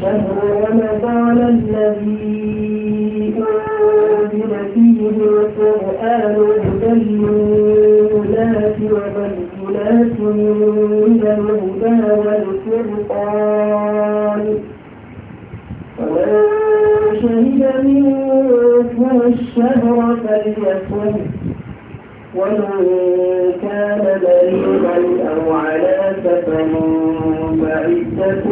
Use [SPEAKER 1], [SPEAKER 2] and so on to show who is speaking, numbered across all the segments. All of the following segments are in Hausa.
[SPEAKER 1] شهر رمضان الذي أنزل فيه القرآن هدى للناس وبينات من الهدى والفرقان فمن شهد منكم الشهر فليصم ومن كان مريضا أو على سفر فعدة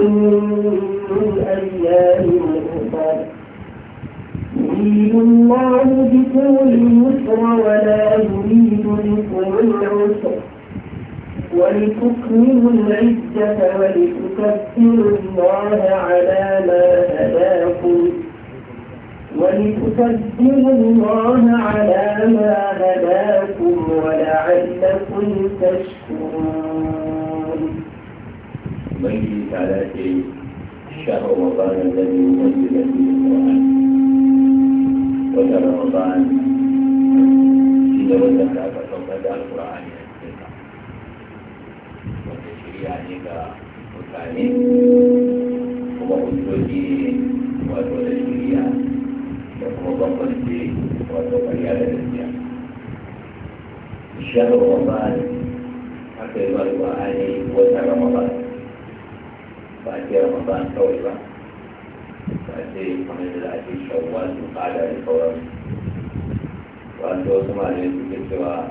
[SPEAKER 1] عرفتم أيام المؤتمر يريد الله بكم اليسر ولا يريد بكم العسر ولتكملوا العزة ولتكبروا الله على ما هداكم ولتكبروا الله على ما هداكم ولعلكم تشكرون.
[SPEAKER 2] شهر رمضان الذي أنزل فيه القرآن وشهر رمضان إذا وزن هذا فقد القرآن وتشريع لك mutane kuma hujjoji wato da yi ba a ce ramadan kawai ba ba a ce kamar da za a ce shawwal muqada da sauran wato wasu malamai suke cewa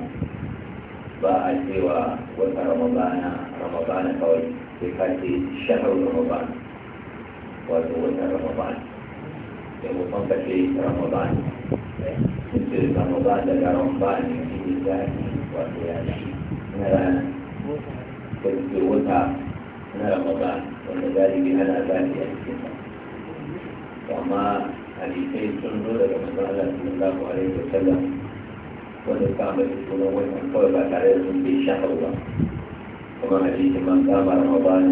[SPEAKER 2] ba a cewa wata ramadana ramadana kawai sai ka ce shahar ramadana wato wata ramadana ka wata na ramadan wanda galibi ana zafi a cikin sa amma hadisai sun zo daga manzon Allah sallallahu alaihi wa sallam wanda suka ambaci sunan wannan kawai ba tare da sun bai shahar ba kuma hadisin man kama ramadan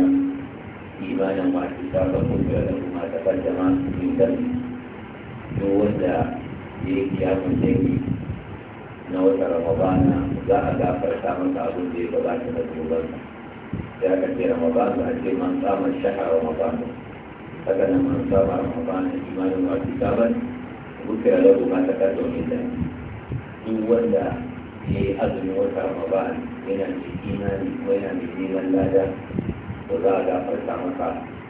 [SPEAKER 2] imanin masu saba ko da kuma ta fadama min dalili duk wanda yi na za a gafarta masa abin da ya gabata na zubansa ya kace ramadan da ake man sama shahar ramadan haka nan man sama ramadan da imanin wa kitaban bukai lahu ma ta kaso min da duk wanda ya yi azumin wata ramadan yana da imani ko yana da neman lada ko za a gafarta maka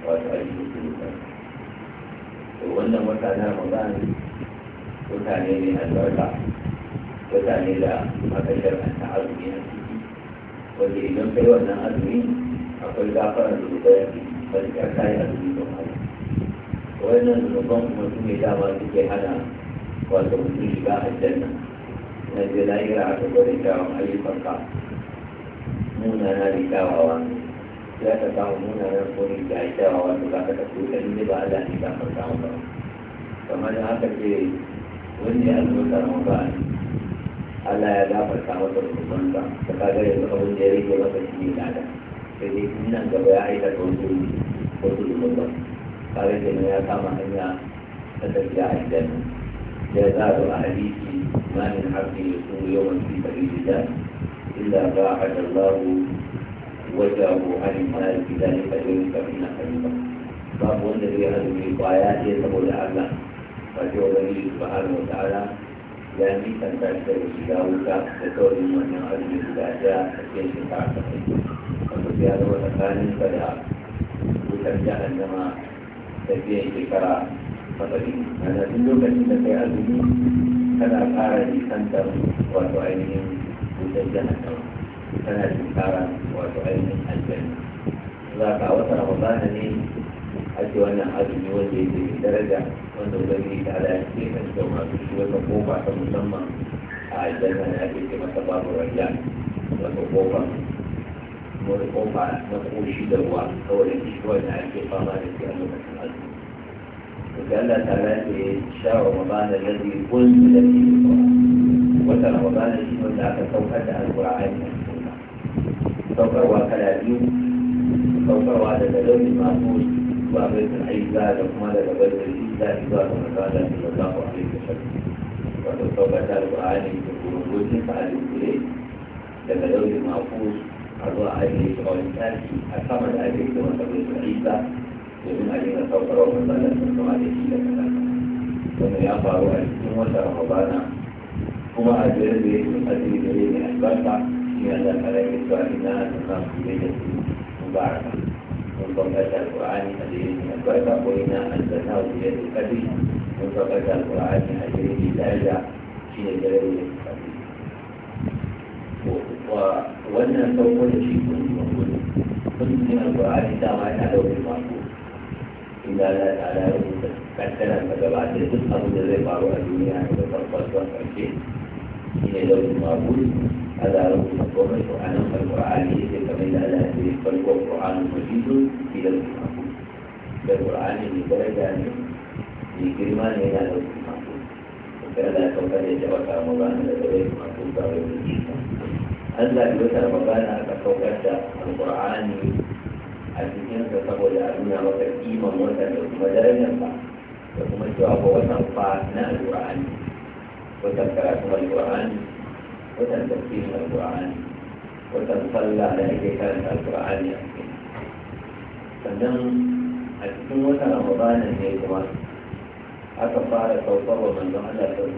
[SPEAKER 2] wato aiki kuka to wannan wata na ramadan wata ne mai albarka wata ne da aka ta azumi a ciki wanda idan kai wannan azumi akwai gafara da guda ya fi sarki a kayan azumi don hana wannan zunuban kuma su ne dama suke hana wato mutum shiga aljanna na je lahira ta gwada kyawun ayyukan ka munana da kyawawa za ta samu munanan ko ne da kyawawa da za ka tafi da ne ba Allah ne ka farka ba. kamar da haka ce wani ya albarka ramadan Allah ya gafarta masa zunubansa ta kaga yanzu abin da ya rage masa shi ne ladan sai eh, dai nan gaba ya aikata wasu wasu zunuban kare da ya kama hanya ta tafiya a gidan ya zaɓi a hadisi ma min harfi ya kuma yawan fi sabilillah illa ba a hadallahu wajahu an mali fi zalika yawmin kamina kalima babu wanda zai azumi kwaya ɗaya saboda Allah ba ce wani subhanahu wa ta'ala ya nisanta shi daga shiga wuta da kawai wannan azumi guda ɗaya a cikin shekara ya zama tsakaninka da wutar ta biyan shekara matsalin a duk lokacin da kai azumi kana ƙara nisantar wato ainihin wutar jahannama kana shekara wato ainihin aljanna za ka wata ramadana ne ake wannan azumi wanda ya ke daraja wanda ubangiji ta ala ya ce kan da masu shi wata kofa ta musamman a aljanna na ake ce masa babu rayya wata kofa والقوم على تقول شدة وأول الشوائد على الكفاء ذلك أنه مثل وقال الله تعالى شهر رمضان الذي أنزل فيه القرآن وتر رمضان الذي وزعت توحد القرآن توقر وكلابيو توقر وعلى دلول المعقول وأبيت العيزة لكم هذا لبلد العيزة إذا رمضان صلى الله عليه وسلم وتوقر القرآن في قلوب وجه فعلوا إليه لدلول المعقول أضع عليه قولتان أكمل عليه كما تقول عيسى ومن عليه سوف روح الله ثم عليه إلى ومن يقع ثم رمضان هما أجر به القدير إليه أكبرت من أن الملائكة وإنا أنزلناه في ليلة مباركة من بركة القرآن أجره أكبرت وإنا في ليلة القدر من بركة القرآن أجره درجة في ليلة القدر wannan sauko da shi kun yi mafuni kun yi alƙur'ani dama yana da wani mako inda Allah ta ala rubuta kaddara ta gaba da duk abin da zai faru a duniya da farkon zuwa ƙarshe shi ne da wani mako Allah rubuta komai to anan alƙur'ani ya ce kamar da Allah ya ce farkon ƙur'anin majidu shi da wani mako da ƙur'ani ne daraja ne mai girma ne yana da wani mako kada ka kare da wata mabana da zai mako ba wani mako هل لا يوجد مكان القرآن يجب أن تكون القرآن القرآن وتنفل على ذلك كانت القرآن يمكن فنحن أتكون مثلا رمضان هيكما حتى فارق وصور من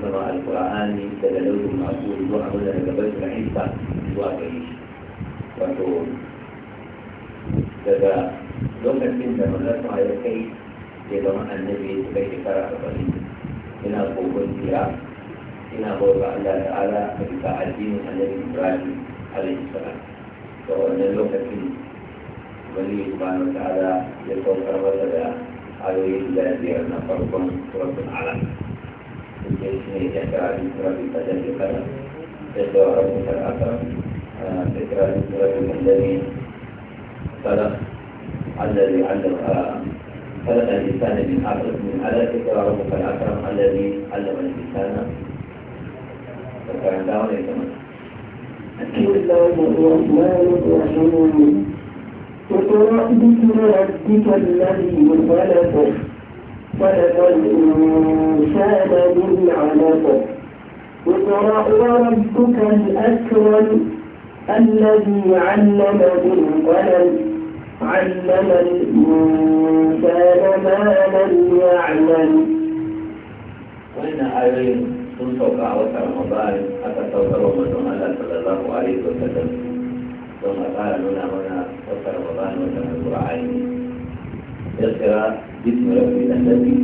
[SPEAKER 2] ظهر القرآن تدلوه معقول وعبدا لبيت الحصة zuwa gari wato daga lokacin da manzon ya kai ya zama annabi ya kai shekara arba'in ina kogon jira ina bauta Allah ta'ala a bisa addinin annabi Ibrahim alaihi salam Da wannan lokacin wani subhanahu ta'ala ya saukar masa da ayoyi guda na farkon suratul alam. Sai shi ne ya kira bi suratul kadar جل وعلا الأثر ذكرى للرجل الذي سلخ الذي علم سلخ الإنسان من أكرم من على ذكرى ربك الأكرم الذي علم الإنسان فكان دعوة يتمنى
[SPEAKER 1] بسم الله الرحمن الرحيم اقرأ باسم ربك الذي خلق خلق الإنسان من علق وقرأ ربك الأكرم الذي علم بالقلم
[SPEAKER 2] علم الإنسان ما لم يعلم وإن أعلم تنسوك أوسر مبال حتى توسر ومدنها لا صلى الله عليه وسلم ثم قال لنا هنا توسر مبال وتنظر عيني يذكر باسم ربي الذي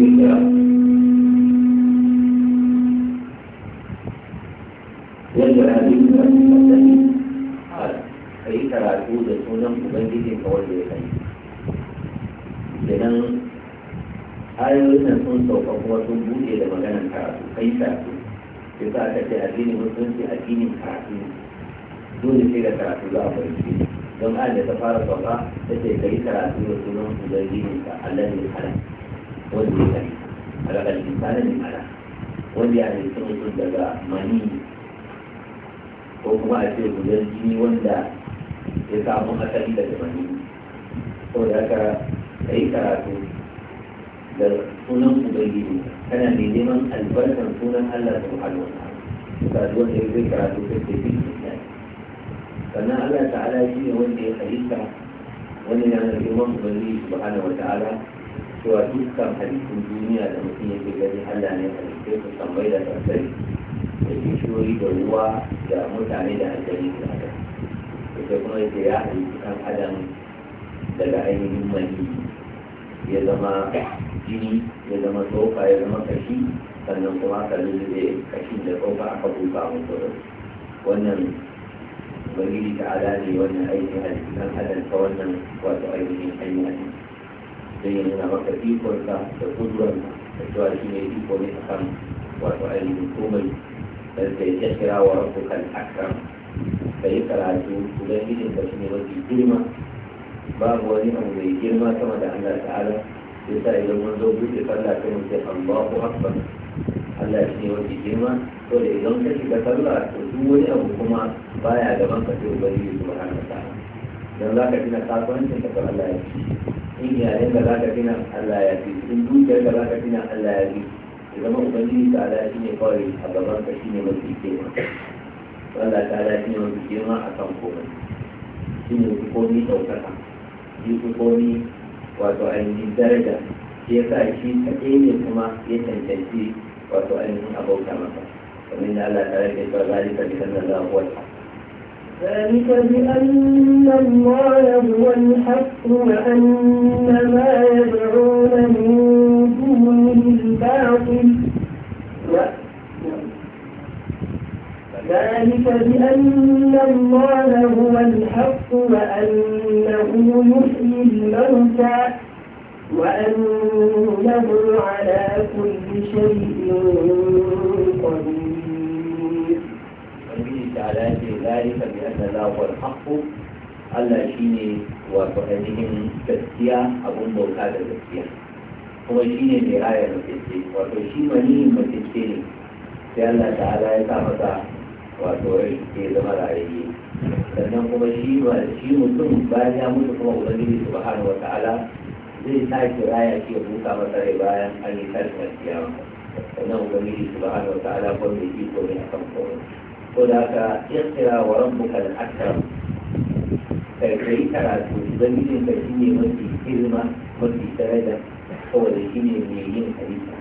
[SPEAKER 2] يذكر kuma sun buɗe da maganar karatu kai karatu sai sa aka ce addini musulunci addinin karatu dole sai da karatu za a fahimci don ayar da ta fara sauka ta ce ka yi karatu da sunan ubangijin ka Allah ne ala wanda ya kari alaƙar insana ne ala wanda ya halitta mutum daga mani ko kuma a ce gudan jini wanda ya samu asali daga mani saboda haka ka yi karatu da sunan ubangiji kana mai neman albarkar sunan Allah subhanahu wa ta'ala zuwa da ya zai karatu sai sai bin sannan Allah ta'ala shi ne wanda ya halitta wani yana da girman su subhanahu wa ta'ala cewa dukkan halittun duniya da mutum yake gani Allah ne halitta su tambayi da tattali da bishiyoyi da ruwa da mutane da hankali da adam da kuma yake ya halitta kan adam daga ainihin maniyi ya zama jini ya zama tsofa ya zama kashi sannan kuma aka lullube kashin da tsofa aka buka a mutum wannan ubangiji ta ala ne wannan a cikin adam ta wannan wato ainihin hanya ne zai yi nuna maka ikonsa da kudurarsa da cewa shi ne iko ne a kan wato ainihin komai dan sai ya kira wa rabbukan akram yi karatu ubangijinka shi ne mafi girma babu wani abu mai girma sama da Allah ta'ala yasa idan mun zo buɗe sallah ta mu ce Allahu akbar Allah shi ne wani girma to da idan ka shiga sallah to duk wani abu kuma baya gaban ka sai ubangiji subhanahu wa ta'ala dan za ka gina kasuwancin ka Allah ya ci in iyalen da za ka tuna, Allah ya ci in dukiyar da za ka tuna, Allah ya ci ya zama ubangiji ta'ala shi ne kawai a gaban ka shi ne mafi girma Allah ta'ala shi ne mafi girma a kan komai shi ne mafi komai ɗaukaka fi su komi wato ainihin daraja shi ya sa shi kaɗai ne kuma ya cancanci wato ainihin abauta masa kamar da Allah ta rage cewa zalika bi sallallahu alaihi
[SPEAKER 1] ذلك بأن الله هو الحق وأن ما يدعون من دونه الباطل ذلك بأن الله هو الحق وأنه يحيي الموتى وأنه على كل شيء قدير
[SPEAKER 2] على ذلك بأن الله هو الحق ألا شيني وفهدهم كثيا أبون بوكاد كثيا هو شيني بآية مكثي وفهدهم مني مكثيني لأن الله تعالى يتعرض wato rai ke zama rayayye sannan kuma shi ba shi mutum bayan ya mutu kuma ubangiji subhanahu wata'ala zai sake raya shi ya buka masa rai bayan an yi tashin alkiyama sannan ubangiji subhanahu wata'ala ko mai ko mai akan komai ko da haka tsira wa ran buka da aka kai karatu ubangijin ka ne mafi girma mafi daraja shi ne mai yin halitta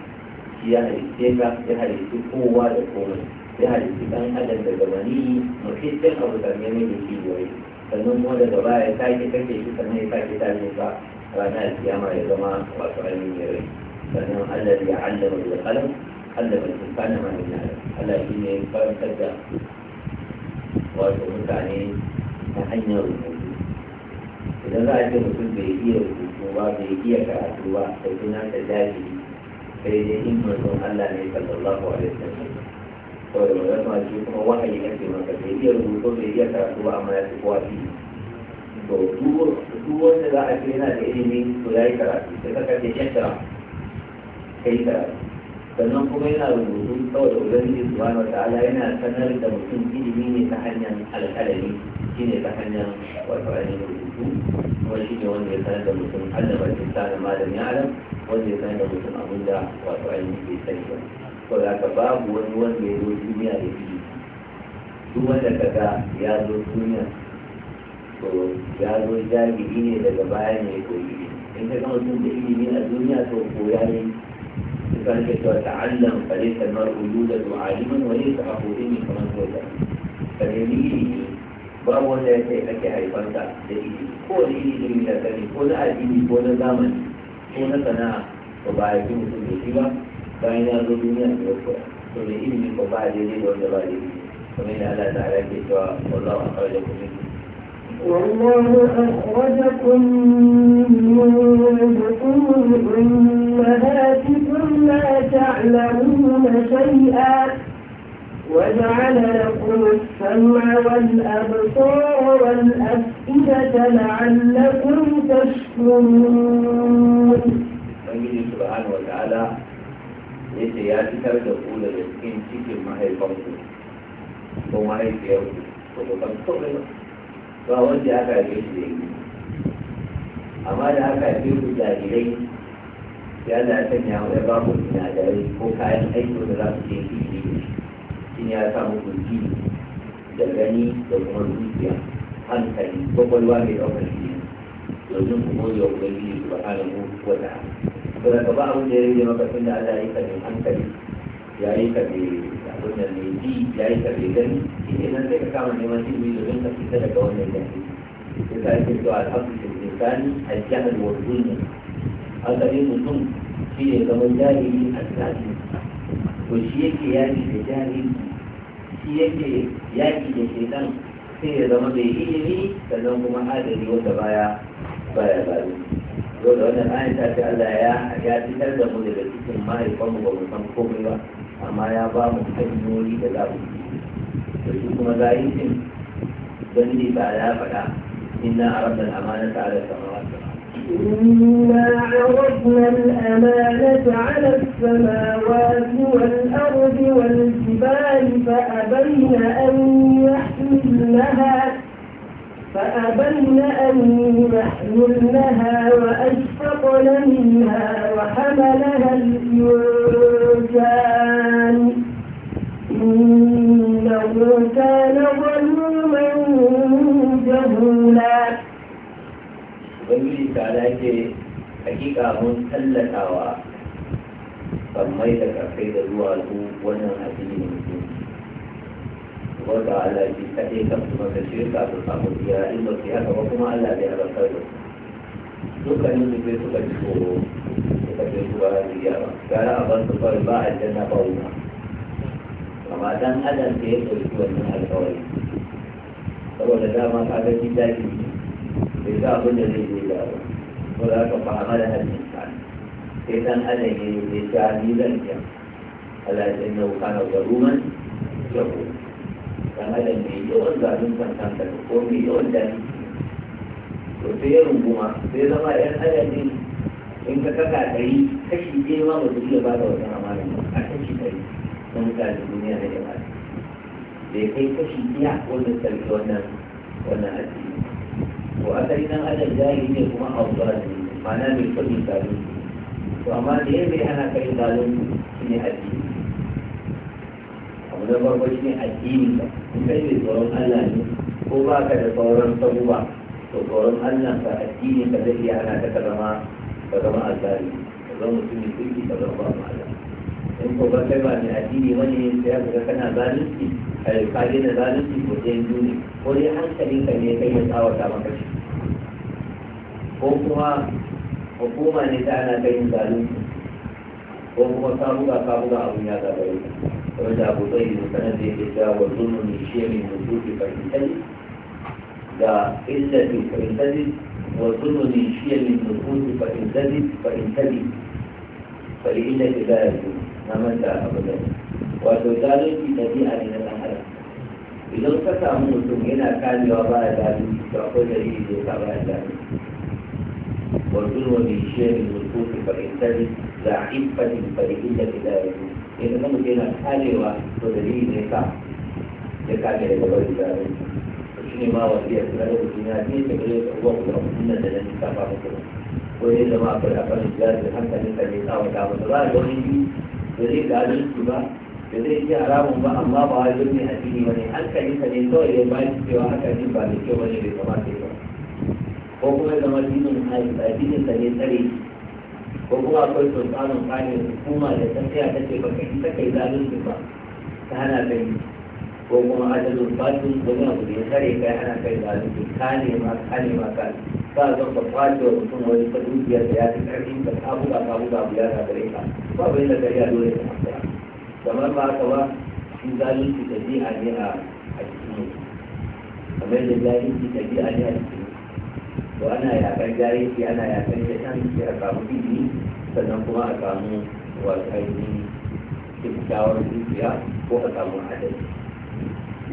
[SPEAKER 2] shi ya halitta ka ya halitta kowa da komai sai hadisi dan adam daga wani mafi sai abu da ne mai kiyoyi sannan kuma daga baya ya sake kake shi sannan ya sake tashi ba ranar kiyama ya zama wato ainihin ya rai sannan Allah ya allama da kalam Allah bai tuka na mai na Allah shi ne karantar da wato mutane ta hanyar rubutu idan za a ce mutum bai iya rubutu ba bai iya karatu ba sai suna ta jahili sai dai in manzon Allah ne sallallahu alaihi wasallam saboda manzon sama shi kuma wahayi ake maka bai iya rubutu bai iya karatu ba amma ya fi kowa fi to duk wanda za a ce yana da ilimi to ya yi karatu sai ka kace yan karatu kai karatu sannan kuma yana rubutu saboda ubangiji subhanahu wataala yana sanar da mutum ilimi ne ta hanyar alƙalami ne ta hanyar wato ainihin rubutu kuma shi ne wanda ya sanar da mutum allah ba ta sanar malam ya alam wanda ya sanar da mutum abin da wato ainihin bai sani ba ko da ka babu wani wanda ya zo duniya da shi duk wanda ka ga ya zo duniya to ya zo jami'i ne daga baya ne koyi ne in ka gama tun da ilimi a duniya to koya ne كان يتعلم فليس المرء يولد عالما وليس حقوقين كمن هو ذلك ilimi babu wanda ya ce ake haifarta da ilimi ko da ilimi da sani ko na addini ko na zamani ko na sana'a ba ba ya fi mutum da shi ba bayan ya zo duniya da yau to da ilimi ko ba daidai da wanda ba daidai kamar yadda Allah ta'ala ke cewa wallahu akhrajakum min
[SPEAKER 1] والله أخرجكم من بطون أمهاتكم لا تعلمون شيئا وجعل لكم السمع والأبصار والأفئدة لعلكم تشكرون.
[SPEAKER 2] سبحانه وتعالى yake ya fitar da ku daga cikin cikin mahaifanku ko mahaifiyarku ko ba kan kome ba ba wanda aka haife shi da yi amma da aka yi ku jarirai ya da sanya ya ba ku sinadarai ko kayan aiki da za su je kiri shi ya sa muku ji da gani da kuma zuciya hankali kwakwalwa mai ɗaukar shi domin ku gode wa ubangiji subhanahu wa ta'ala to da ba abin da ya rage maka tun da Allah ya yi ka mai hankali ya yi ka mai abin da mai ji ya yi ka mai gani shi ne nan sai ka kama neman ilimi domin ka fita daga wannan yanki sai ka yi cewa alhamdulillah insani aljahal wa dunya hankali mutum shi ne zaman jahili a tsaki to shi yake yaki da jahili shi yake yaki da shaitan sai ya zama mai ilimi sannan kuma adali wanda baya baya zalunci dole wannan ayin ta ce Allah ya ya fitar da mu daga cikin mahaifanmu ba mu san komai ba amma ya ba mu hanyoyi da za mu da shi kuma zahicin don ji ba ya faɗa inna arabna al-amanata ala samawati
[SPEAKER 1] إنا عرضنا الأمانة على السماوات والأرض والجبال فأبين فأبلنا أن يحملنها وأشفقن منها وحملها الإنسان إنه كان ظلما جهولا
[SPEAKER 2] بلی تعالی کے حقیقہ ہون اللہ تعالی فرمائی تک افید اللہ علیہ وسلم وضع على جسده كفر تشريك عبد الحمد يا إن الجهاد وكما على أبي أبا خير نوكا نوني بيتو بجفورو وبجفورو بجيارا كان أبا سفر باع الجنة بولا وما دان أدى بيتو يكوى من الحوالي فهو لدى ما فعل جداك بيتا أبن جديد بجيارا ولا تقع عملها الإنسان إذا أنا يجيب بيتا عميزا على أنه كان ظلوما جفورا game da mai yawan zaluntar da ko mai yawan dani to sai ya runguma sai zama yan adadin in ka kaka yi kashi ɗaya ma ba su iya ba da wata amana a kashi ɗari na mutane duniya na jama'a da ya kai kashi ɗaya wannan sarki wannan wannan addini to asali nan adam jari ne kuma a abuwa ne ma'ana mai kwanin zafin to amma da ya bai hana kai zafin shi ne addini abu na farko shi addini ka kai ne tsoron Allah ne ko ba ka da tsoron sabuwa to tsoron Allah ka addini ka zai iya ana ta zama ka zama azali ka zama mutumin kirki ka zama ba ma'ala in ko ba kai ba ne addini wani sai ya ga kana zalunci kai ka da zalunci ko sai duni ko dai hankalin ka ne kai ya tsawata maka shi ko kuma hukuma ne ta ana kai zalunci ko kuma ka buga abun ya zagare ka فمن أبو زيد المتنبي إلا وظن من الشيء من وجوده فإنتدد لا إلا في فإنتدد وظن من الشيء من وجوده فإنتدد فإنتدد فإلا في ذلك ما من ذا تبيع لنا الحرم إذا فتى موسم هنا كان يوضع ذلك فأخذ لي ذلك ذلك وظن من الشيء من وجوده فإنتدد لا عفة فإلا في ya zama mutum yana dalili ya da rai shi ne ma wasiya da mutum ya ne ta nan ta ko akwai da hankalin ka ba da wani da zai ga adalci ba da zai ba amma ba wai ne addini ba ne hankalin ka ne kawai ya ba shi cewa hankalin ba da kyau ba ne bai kamata ya ba ko kuma zama dinin addinin ka ne tsare ko kuma akwai sultanin kanin hukuma da tafiya ta ce baka yi kai zalunci ba ta hana kai ko kuma adalin fatin wani abu da ya tare kai hana kai zalunci ka ne ma ka ne ma ka ba zan ba kwace wa mutum wani ta dukiyar da ya fi karfin da ta buga ta buga abu ya gagare ka ba bai da gari a dole ta hafiya kamar ba haka ba shi zalunci a ne a cikin kamar da zalunci a ne a cikin to ana jari shi ana yakan shaitan shi a samu ilimi sannan kuma a samu wasu ainihin kyakkyawar zuciya ko a samu adalci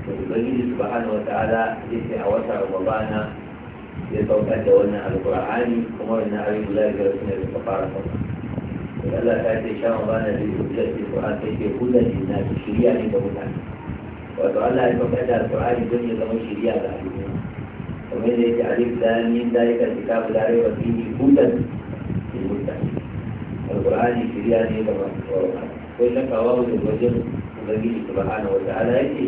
[SPEAKER 2] to ubangiji ala ya ce a wata ramadana ya saukar da wannan alƙur'ani kuma wannan ayoyi guda biyar su ne suka fara kuma sai Allah ta ce sha zai da hujjar da qur'an sai ke ne na shirya ne ga mutane wato Allah ya saukar da alƙur'ani don ya zama shirya ga al'umma kamar da yake alif da ni da yake kitabu da rewa fihi hudan lil muttaqin alqur'ani shiriya ne da ba ko ko da kawo da wajen gidi subhana wa ta'ala yake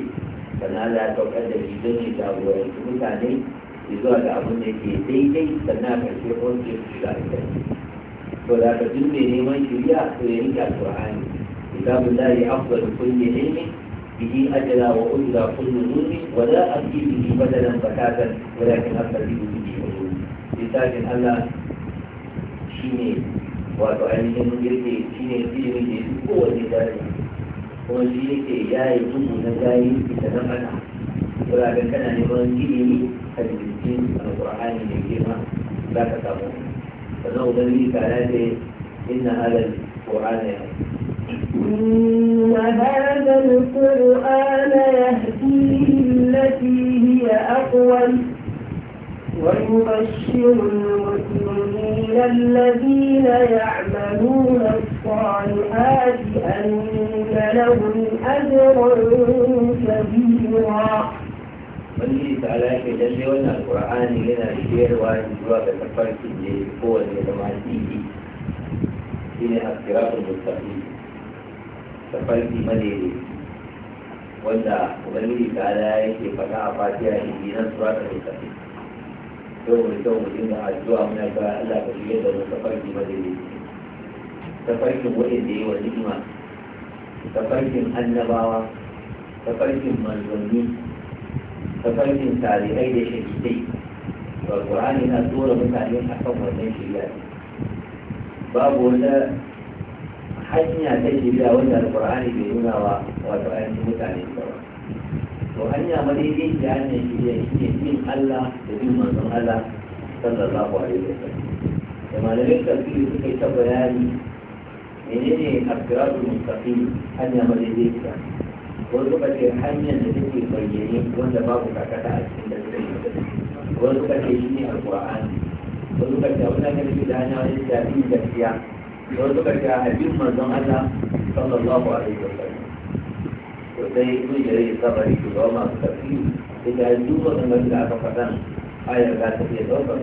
[SPEAKER 2] sannan Allah ya saukar da shi don ya jagoranci mutane zuwa da abin da ke daidai sannan a ƙarshe ke ya shiga alƙarfi ko da ka duk mai neman shiriya to ya rike alqur'ani kitabun lahi afdalu kulli ilmin به أجلا وأجلا كل نور ولا أبكي به بدلا بكاتا ولكن أبكي به حلول لساكن الله شيني wato ainihin yake shi ne ilimi da ya kowane dare kuma shi yake ya yi tuku na gari da na fata wuraren kana neman ilimi a jikin alƙur'ani mai girma za ka samu sannan ubangiji
[SPEAKER 1] إن هذا القرآن يهدي التي هي أقوم ويبشر المؤمنين الذين يعملون الصالحات أن لهم أجرا كبيرا
[SPEAKER 2] Ubangiji ta alaƙe lalle wannan alƙur'ani yana shiyarwa zuwa ga tafarkin da ya kowane zama tsiri shi ne a kira da mustafi tafarki madaidai wanda ubangiji ya ke faɗa a Fatiya fatiha shi nan sura ta kafin yau mai kyau mu dinga addu'a muna ga Allah ka shirya da wani tafarki madaidai tafarkin wani da yi wa ni'ima tafarkin annabawa tafarkin manzanni tafarkin tarihai da shahidai alƙur'ani na tura mutane akan wannan shirya babu wata hanya ta shirya wanda alƙur'ani bai nuna wa wato ainihin mutane ba to hanya madaidai da hanyar ne shi ne bin Allah da bin manzon Allah sallallahu alaihi wa sallam da malamin tafsiri suka yi ta bayani menene asiratu mustaqim hanya madaidai ta wani suka ce hanyar da take bayyane wanda babu kakata a cikin da suka yi wani suka ce shi ne alƙur'ani wani suka ce wani da hanya wani da gaskiya don suka ce a hajjin manzon Allah sallallahu alaihi wa sallam to sai ibn jarir sabari to ba masu tafi da duk wannan da aka faɗa ayar za ta iya ɗaukar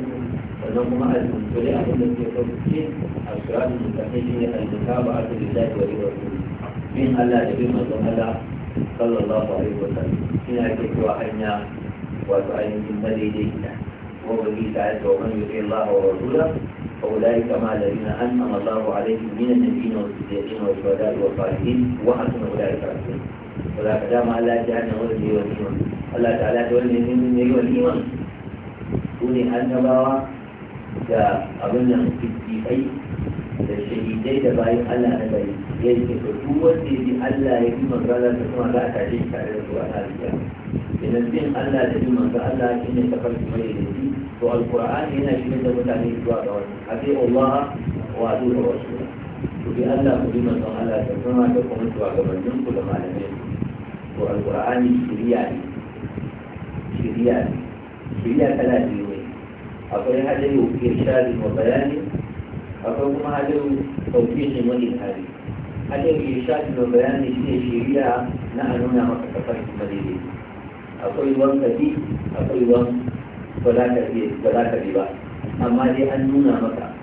[SPEAKER 2] sannan kuma a tuntuli abin da ke sauke a suratun mutane shi ne almuka ba a tuli da wani wasu bin Allah da bin manzon Allah sallallahu alaihi wa sallam ina ke cewa hanya wato ainihin madaidai gida ko wani ta yi wa man yuti Allah wa rasulahu فأولئك مع الذين أنعم الله عليهم من النبيين والصديقين والشهداء والصالحين وحسن أولئك رفيقا ولا كلام على جهنم ولدي والإيمان الله تعالى تولي من يجي والإيمان سوني النبوة كأبنى الصديقين da shahidai da bayan Allah na gari yake da duk wanda ya Allah ya yi magana da kuma za a tashi tare da su a halin idan bin Allah da bin manzo Allah shi ne tafarki mai da shi to alqur'ani yana shi da mutane zuwa ga wani abi Allah wa adu rasul to bi Allah ku bi manzo Allah da kuma da kuma zuwa ga bannin ku da malamai to alqur'ani shiriya ne shiriya ne shiriya kala biyu ne akwai hadayu irshadi wa bayani akwai kuma hadayu tawfiqi wa ilhadi hadayu irshadi wa bayani shi ne shiriya na a nuna maka tafarki mai da akwai wanka bi akwai wan ba za ka ba amma dai an nuna maka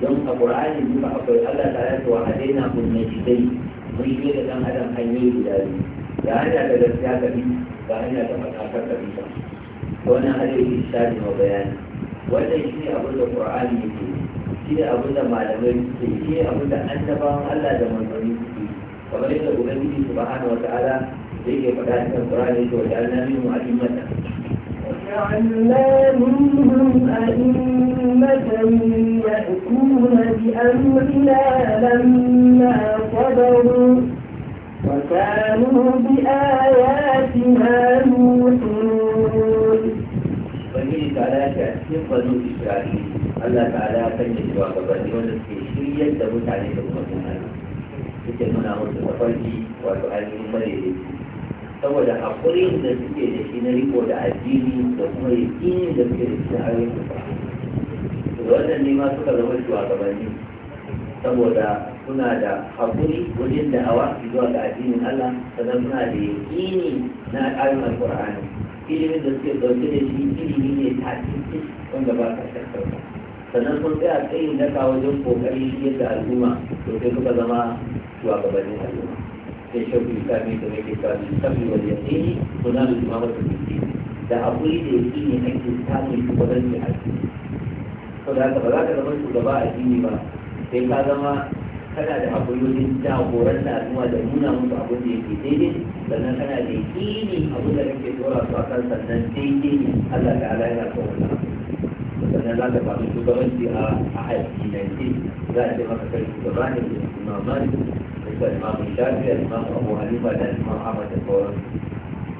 [SPEAKER 2] don a ƙur'ani kuma akwai Allah ta yi wa a daina kun ne shi dai mun shi da ɗan adam hanyoyi guda biyu Da hanya ta gaskiya ka bi ba hanya ta fatakar ka bi ba. wannan hadisi shafi ma bayani wannan shi ne abin da ƙur'ani yake shi ne abin da malamai suke shi ne abin da annabawan Allah da manzanni suke kamar yadda ubangiji subhanahu wa ta'ala ليه فلا تنقرأ وجعلنا منهم أئمة
[SPEAKER 1] وجعلنا منهم أئمة يأتون بأمرنا لما صبروا وكانوا بآياتنا يوقنون
[SPEAKER 2] فمن تعالى تأثير قدوة إسرائيل الله تعالى فجد وقبل ونسكي يدبت عليه الأمة يتمنى مصر فرجي وتعلم مريض saboda haƙuri da suke da shi na riko da addini da kuma yakinin da suke da shi na ayoyin da wannan nema suka zama wa saboda suna da haƙuri wajen da hawa zuwa ga addinin Allah sannan suna da yakini na ayoyin alƙur'ani ilimin da suke ɗauke da shi ilimi ne ta cikin wanda ba ka shakkarsa sannan sun tsaya tsayin daka wajen ƙoƙarin yadda al'umma to sai suka zama gabanin al'umma sai shauki sami da yake cewa min sabbi wal yaqini tunalu imamatu bil da haƙuri da yake ne ake samun shugabanci a cikin sau da haka ba za ka zama shugaba a jini ba sai ka zama kana da haƙurin jagoran da al'umma da nuna musu abin da yake daidai sannan kana da yaƙini abin da kake dora a kan sannan daidai ne Allah ta'ala sannan za ka samu shugabanci a addinance za a ce maka kai shugaba ne da imam malik da imam shafi da imam abu hanifa da imam ahmad da sauran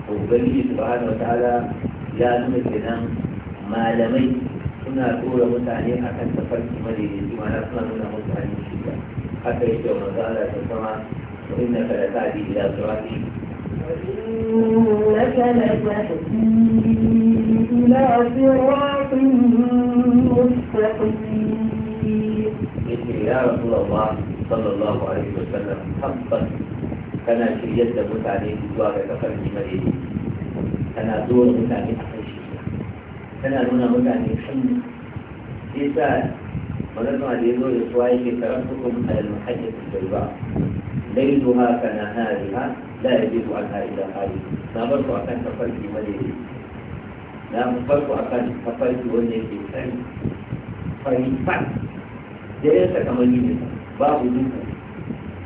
[SPEAKER 2] to ubangiji subhanahu ala ya nuna kenan malamai suna tura mutane a kan tafarki madaidaici mana suna nuna musu hanyar haka yake wa manzo Allah ta sama wa innaka la ta'di ila siratin
[SPEAKER 1] وإنك لتهدي إلى صراط مستقيم
[SPEAKER 2] يا رسول الله صلى الله عليه وسلم حقا kana shiryar da mutane zuwa ga kafar jimare kana zuwa mutane a kan shirya kana nuna mutane kan shi sa manzon da ya zo da suwa yake karantukum alal muhajjati bai ba ليلها كنهارها لا يجد عنها الا خارج لا برضه اكن سفرت ولي لا مفرط اكن سفرت ولي في سن kamar ليس كما يجب باب دوكا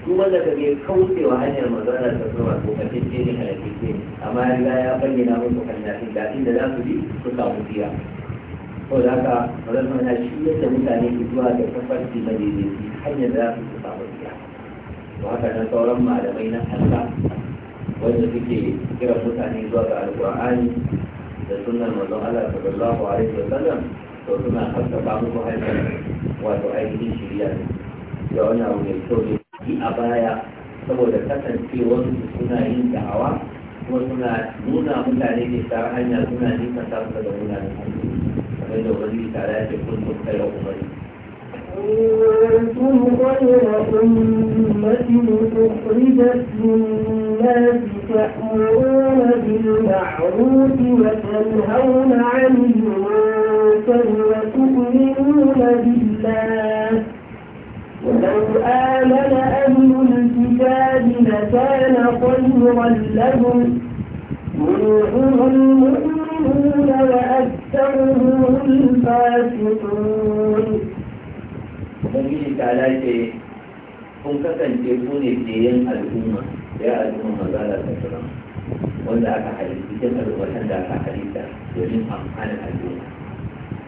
[SPEAKER 2] kuma daga ka kauce wa hanyar magana ta ka lokacin jini a lakice amma ya riga ya bayyana musu hanya fi dafin da za su bi su samu fiya ko da ka wadanda shi yadda mutane ke zuwa da kafar jimali ne hanyar da za su samu to haka nan sauran malamai na hasa wanda suke kiran mutane zuwa ga alƙur'ani da sunan mazan Allah sallallahu alaihi wa sallam to suna haskaka muku hanyar wato ainihin shirya ne. da wani abu mai kyau ne a baya saboda kasancewar suna yin da'awa kuma suna nuna mutane ne ta hanya suna nisa ta da mutane kamar da wani tare ya ce kun kai wa
[SPEAKER 1] كنتم خير أمة أخرجت للناس تأمرون بالمعروف وتنهون عن المنكر وتؤمنون بالله ولو آمن أهل الكتاب لكان خيرا لهم منهم المؤمنون وأكثرهم
[SPEAKER 2] الفاسقون ubangiji ta lafe kun kasance ku ne biyan al'umma ya al'umma mazala ta shirin wanda aka halitta cikin al'ummatan da aka halitta domin amfanin al'umma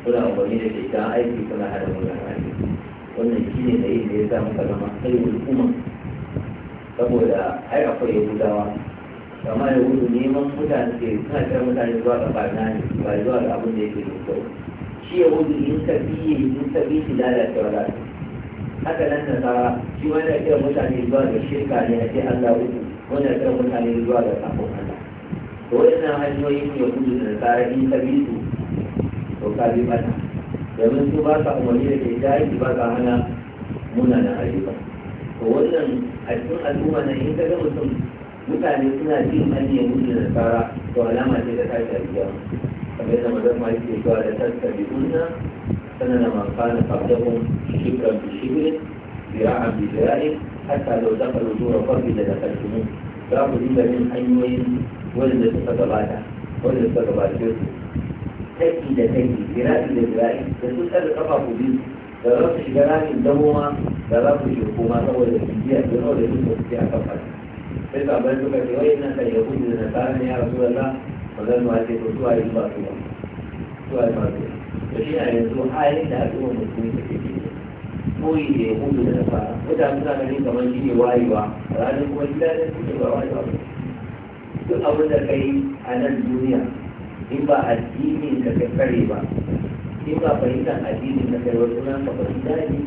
[SPEAKER 2] suna umarni da shi ta aiki suna hada wannan al'adu. wannan shi ne da yin da ya sa muka zama sai kuma saboda ai akwai yahudawa kama da gudu neman mutane ke suna kira mutane zuwa ga barna ne ba zuwa ga abin da yake da kyau shi yahudu in ka biye in ka biye shi wa lalata haka nan tsara shi wanda ya kira mutane zuwa da shirka ne a ce Allah uku wanda ya kira mutane zuwa da sabon Allah to wannan hanyoyin ne kudu da tsara in ka bi su to ka bi mata domin su ba ka umarni da ke yi ba ka hana da ayyuka to wannan a cikin al'umma nan in ka ga mutum mutane suna jin hanyar kudu da tsara to alama ce ta shafi yawa kamar yadda mazan ma yake cewa da tattabi unna sanana man kana qablahu shibran bi shibrin ذراعا بذراع حتى لو دخلوا دور فرد za ku dinga yin hanyoyin wanda suka gabata wanda suka gabace su taki da taki zirafi da zirafi da su tsara kafa ku biyu da za su shiga ramin damuwa da za su shiga koma saboda bibiya da saboda yin da suke a kafa sai sabon suka ce wai nan kan yahudu da nasara ne a rasu da magana ma ce ko suwaye ba su ba suwaye ba su to shi a yanzu halin da al'umma musulmi take ciki koyi da ya hudu da nafa mutane suna ganin kamar shi ne wayewa ranar kuma gida ne suke ba wani ba duk abin da yi a nan duniya in ba addinin ka kai kare ba in ba fahimtar addinin ka kai wasu nan ka fahimta ne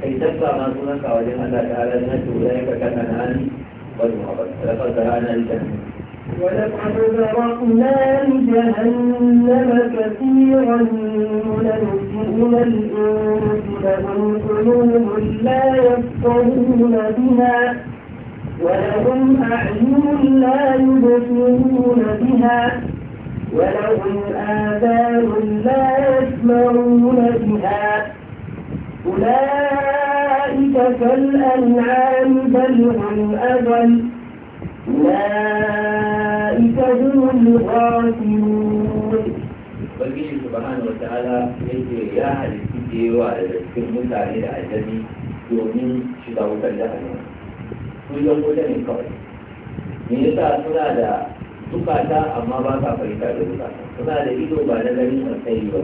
[SPEAKER 2] kai tabba ma sunan ka wajen Allah ta'ala na ce wula ya ka kana na hannu wani ma'abar da lafar da ranar jami'a ولقد
[SPEAKER 1] ذرأنا لجهنم كثيرا من الإنس لهم قلوب لا يفقهون بها ولهم أعين لا يبصرون بها ولهم آذان لا يسمعون بها أولئك كالأنعام بل هم أضل أولئك هم الخاسرون
[SPEAKER 2] Ubangiji subhanahu wa ta'ala yake ya halitti da yawa daga cikin mutane da domin kawai. Me yasa suna da zukata amma ba sa da Suna da ido ba na ganin ba.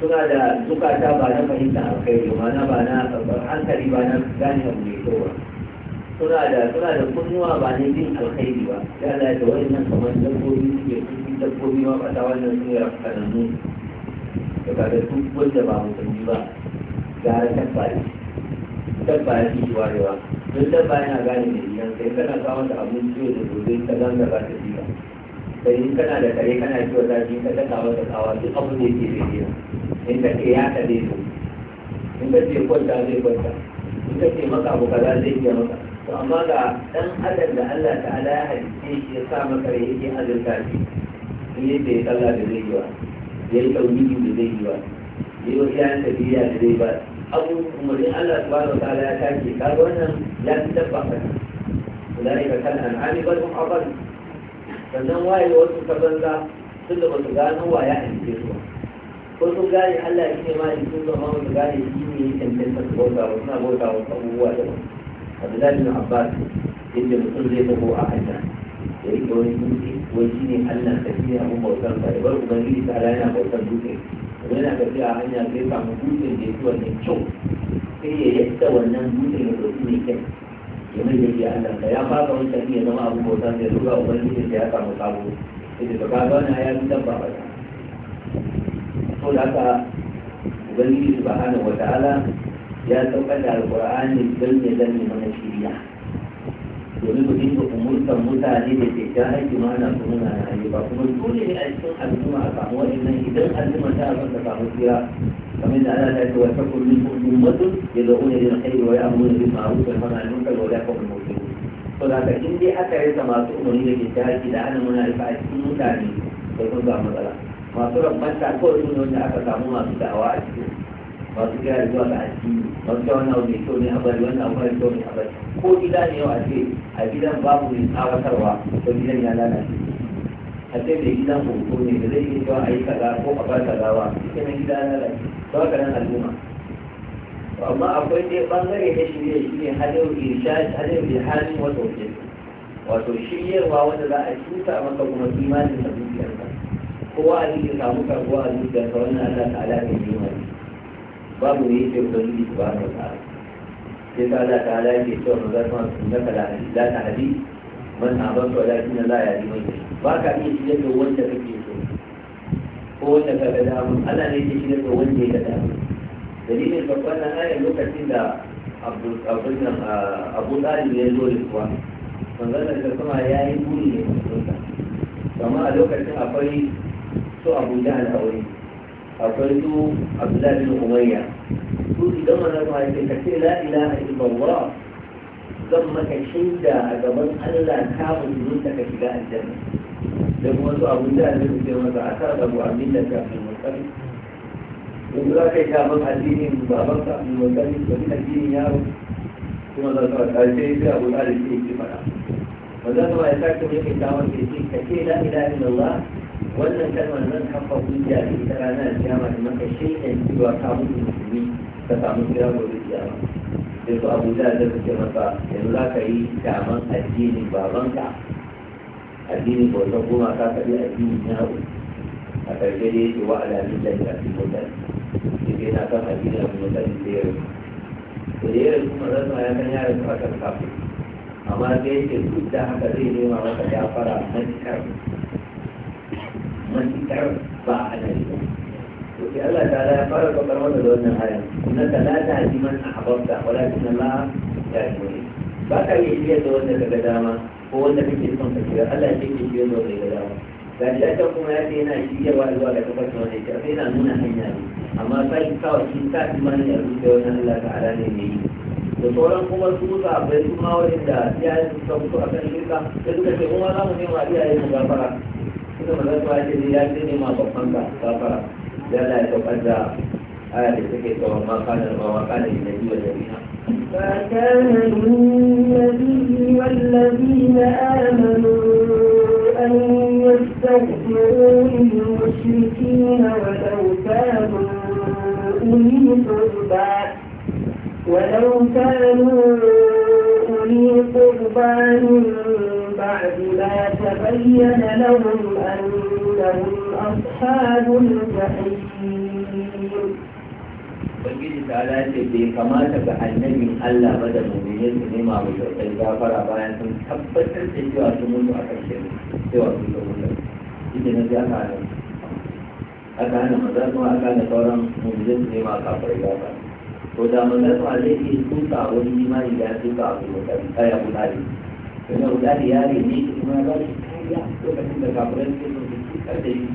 [SPEAKER 2] Suna da ba na fahimta alkhairi ba na ba na hankali ba na gane abu mai kyau ba. suna da suna da kunnuwa ba ne bin alkhairi ba ya Allah ya tawai nan kamar dabbobi suke cikin dabbobi ma ba ta wannan sun yara kananu da kaga duk wanda ba musulmi ba gara dabba ne dabba ya fi shi warewa don dabba yana gane mai gidan sai kana kawo da abinci yau da gobe Ta zanga ba ta jiya sai in kana da kare kana kiwon zafi ka daka masa tsawa duk abin da yake zai yi in ka ce ya ka zai zo in ka ce kwanta zai kwanta in ka ce maka abu kaza zai iya maka to amma ga ɗan adam da Allah ta'ala ya halitta shi ya sa maka rai yake azurta shi in yadda ya tsalla da zai yiwa, wa ya yi tauhidi da zai yiwa, wa ya yi wa iyayen tafiya da zai ba abu umarnin Allah subhanahu wa ta'ala ya take ka ga wannan ya fi dabba ka ulai ka kan an'ami bal hum adall sannan waye wasu ka banza sun da basu gano wa ya halitta su ko sun gane Allah shi ne ma in sun zama wasu gane shi ne ya cancanta su bauta wasu na bauta wasu abubuwa daban abdullahi bin abbas yadda mutum zai taho a hanya ya rike wani dutse wani shi ne allah ta fiye abin bautar sa yabar ubangiji ta ala yana bautar dutse kuma yana tafiya a hanya zai samu dutsen da ya fi wannan kyau sai ya yadda wannan dutsen ya ɗauki mai kyau ya mai da ke allah ta ya fasa wancan ya zama abin bautar sa ya tura ubangiji da ya samu sabo sai da ka ga wani ya fi dabba ba ta. da haka ubangiji subhanahu wa ta'ala ya saukar da alkur'ani don ya zame mana shirya domin mu dinga umurtar mutane da ke ta haƙi ma na kuma na rayu ba kuma dole ne a cikin al'umma a samu waɗannan idan al'umma ta a ta samu tsira kamar da ana ta yi wa ta kullum ummatu ya zo ne da kai wa ya amuru ma, ma'ruf da mana nan kalwa ko kuma mutum to da ka in dai aka rasa masu umarni da ke ta haƙi da ana muna rufa a cikin mutane da kun ga matsala masu rabanta ko su ne wanda aka samu masu da'awa a cikin masu gari zuwa ga addini masu kira wannan abu mai kyau ne a bari wannan abu mai kyau ne a bari ko gida ne yau a ce a gidan babu mai tsawatarwa ko gidan ya lalace a ce mai gidan hoto ne da zai iya cewa a yi kaza ko a bar kaza ba ita na gida ya lalace to ka nan al'umma amma akwai dai bangare na shirye shi ne hadin irshad hadin wata wajen wato shiryarwa wanda za a cuta maka kuma kimanin da zuciyarka kowa a cikin samu karbuwa a zuciyarka wannan ta ta'ala ne mai babu ne yake ubangiji su ba ka tsara sai ta Allah ta da yake cewa maza kuma su na kala da ta hadi man aban su ala kina la ya mai ba ka iya shigar da wanda kake so ko wanda ka ga damu Allah ne yake shigar da wanda ya ga damu dalilin babban nan ayar lokacin da abu tsari ne zo da kuwa manzan da kuma ya yi buri ne musulunta kama a lokacin akwai so abu jihar a wuri akwai su abdullahi bin umayya su idan wani ma ya ka ce la ilaha illallah zan maka shinda a gaban Allah ka mutu ka shiga aljanna dan wasu abun da Allah ya masa aka da mu amin da ka mutsari in za ka yi ta ban addinin baban ka amin mutsari da bin addinin yaro kuma za ka karshe sai abu da Allah ya ce fada wanda kuma ya sake mai kai ta wanda ce ka ce la ilaha illallah wannan kalmar nan kafa hujja da ita ranar kiyama da maka shaidan cewa ka mutu musulmi ka samu kira da kiyama da su abu da zai ce masa yanzu za ka yi kyaman addinin babanka addinin bauta goma ka kaɗi addinin nahu a ƙarshe da yake wa alamin da ya fi mutane shi ke na kan addinin abu mutane da ya yi da ya kuma mazan ya kan yaran su kan kafin amma sai yake duk da haka zai nema maka ya fara matukar matukar ba a hana shi Allah ta ya fara bakar wanda da wannan haya inna ka la ta hadi man ahbabta walakin Allah ba ka yi iya da wanda daga dama ko wanda kake son ka kira Allah ya ke kira da wanda daga dama ga kuma ya ce yana shiryarwa da ga tabbacin ya yana nuna hanya ne amma sai kawai shi ta a zuciya wannan Allah yi da sauran kuma su zaɓe su kuma waɗanda ya yi suka mutu a kan shirka sai suka ce kuma za mu nema iyaye mu gafara suka maza su ake ne ya ce ne ma babban ka kafara ya da ya saukar da aya da take tsawon ma kanar ma waka da yin nabi wallabina
[SPEAKER 1] فكان للنبي والذين آمنوا أن يستغفروا للمشركين ولو كانوا أولي قربى ولو كانوا أولي قربى من بعد ما تبين لهم أنهم أصحاب الجحيم
[SPEAKER 2] Ubangiji ta ce bai kamata ga annabin Allah ba da mummunin su nema mai kyautar gafara bayan sun tabbatar da cewa sun mutu a kan shirin cewa sun da mutu. Inda na ji aka hana aka maza kuma aka hana sauran mummunin su nema kafar gafara. Ko da maza kuma zai iya tuka wani imani da ya tuka abu da ya abu da da yau da ya rene kuma za shi kariya lokacin da kafirai suke son su cutar da shi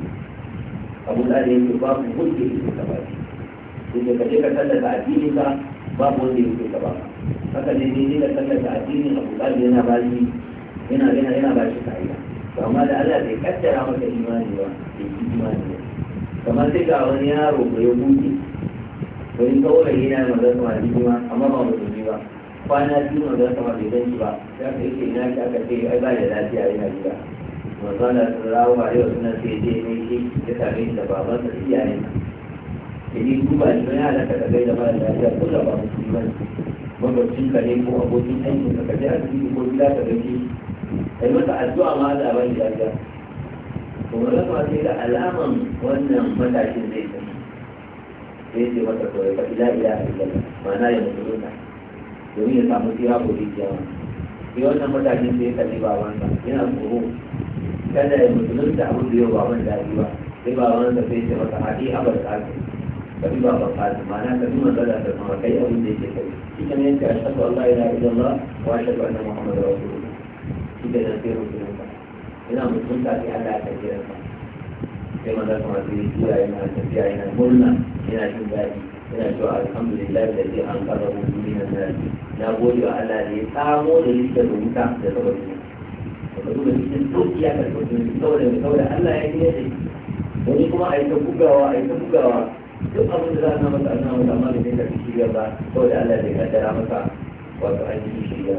[SPEAKER 2] abu da ya ce babu wanda ya ce gaba shi da ka je ka tallata addini ka babu wanda ya ce gaba haka ne ne ka tallata addini abu da yana ba shi yana yana yana ba shi kariya to amma da Allah bai kaddara maka imani ba bai imani ba kamar sai ga wani yaro da ya buɗe wani kawai yana magana ma amma ba musulmi ba kwana biyu na da sama bai gani ba ya ka yake ina shi aka ce ai ba da lafiya yana gida manzo na rawo ba yau suna sai je ne shi ya same shi da baban sa iyayen sa ni duba shi ya halaka ka ba mara lafiya ko da ba musulmi ba magwabcin ka ne ko abokin aiki ka kaje cikin ko gida ka gaishe kai masa addu'a ma da ba da lafiya to wala ma sai da alaman wannan matashin zai tafi sai ce masa to ya ila la ila illallah ma'ana ya musulunta domin ya samu tsira ko wani sai wannan matakin sai ya kalli babansa yana tsoro kada ya da abin da yau baban da ba sai babansa sai ya ce masa haɗi abar kafin ka bi baban kasu ma'ana ka bi matsala da kuma kai abin da yake kai shi kan yanke a shafa Allah ya ra'a idan Allah wa shafa annan Muhammadu Rasulullah shi da nan sai ba yana ta sai Allah ya karɓi ba sai ma kuma sai ya tura yana tafiya yana murna yana jin daɗi yana cewa alhamdulillah da zai an kara hudu ne na na gode wa Allah da ya samo da lita da wuta da saba da ka duba cikin sauki ya karɓi mutum saboda mai saboda Allah ya yi yadda wani kuma a yi ta bugawa a yi ta bugawa duk abin da za a masa an samu amma da zai karɓi shirya ba saboda Allah zai kaddara masa wato ainihin shirya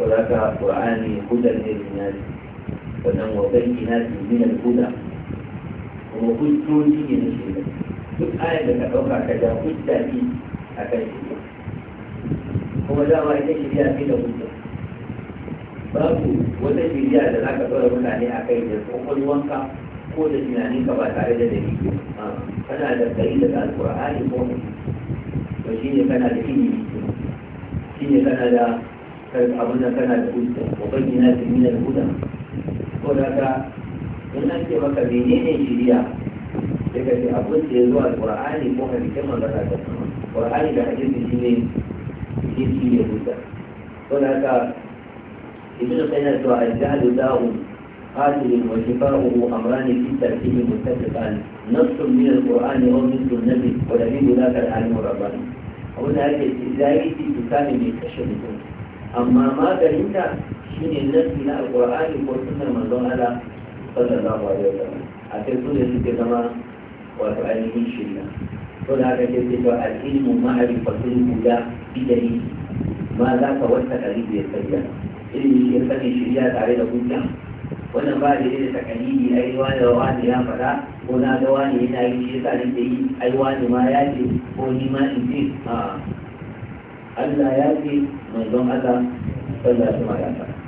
[SPEAKER 2] ko za ka ƙur'ani hudar ne da sannan wa bayyana min al-huda kuma hujjoji ne na shirya duk ayar da ka ɗauka ka ja hujja ne a kan shirya kuma dama ita shirya ce da hujja babu wata shirya da za ka ɗora mutane a kai da kwakwalwanka ko da tunanin ka ba tare da dalili kana da kai da alƙur'ani ko to shi ne kana da ilimi shi ne kana da abin da kana da hujja ubayyana kai min al-huda ko da ka in an ce maka menene shirya sai ka ce abin da ya zo a qur'ani ko hadisin manzon Allah qur'ani da hadisi shine shi ne hujja don haka ibnu qayyim to al-jahlu da'un قاتل وشفاؤه امران في الترتيب متفقان نص من القران او من سنه ودليل ذاك العالم الرباني abin da ake zai ci tsakani mai kashe mutum amma maganinta shine nasi na alkur'ani ko sunnar manzon Allah sallallahu alaihi wasallam a kai su ne suke zama wato ainihin shirya to da haka ce ce to al'ilmu ma'arifatul guda bidani ma za ka wata kalibi ya sanya ilimi ya sanya shirya tare da hujja wannan ba da da takalili ai wani da wani ya fada ko na ga wani yana yi shi yasa nake yi ai wani ma ya ce ko ni ma in ce a Allah ya ce manzon Allah sallallahu alaihi wasallam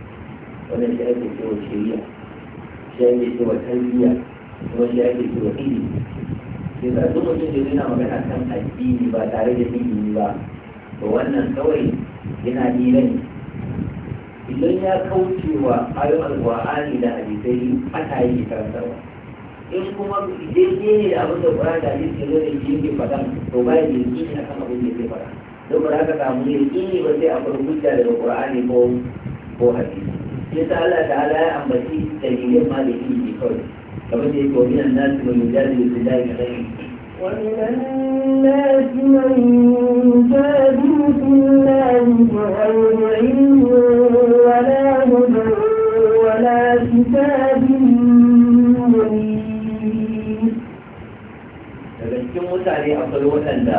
[SPEAKER 2] wannan shi ake cewa shari'a shi ake cewa tarbiyya kuma shi ake cewa ilimi sai da duk mutum da yana magana kan addini ba tare da ilimi ba to wannan kawai yana hira ne idan ya kauce wa ayyukan wa'ani da hadisai aka yi karantarwa in kuma daidai ne da abin da ƙura da hadisi zo da shi yake faɗan to ba ya yi yaƙini a kan abin da yake faɗa don ba haka samu ne ba sai a hujja daga ƙur'ani ko ko hadisi sai ta Allah ta'ala ya ambaci dalilin ma da ilimi kawai كما يقول من الناس من يجادل في الله بغيره
[SPEAKER 1] ومن الناس من يجادل في الله بغير علم ولا هدى ولا كتاب
[SPEAKER 2] cikin mutane akwai waɗanda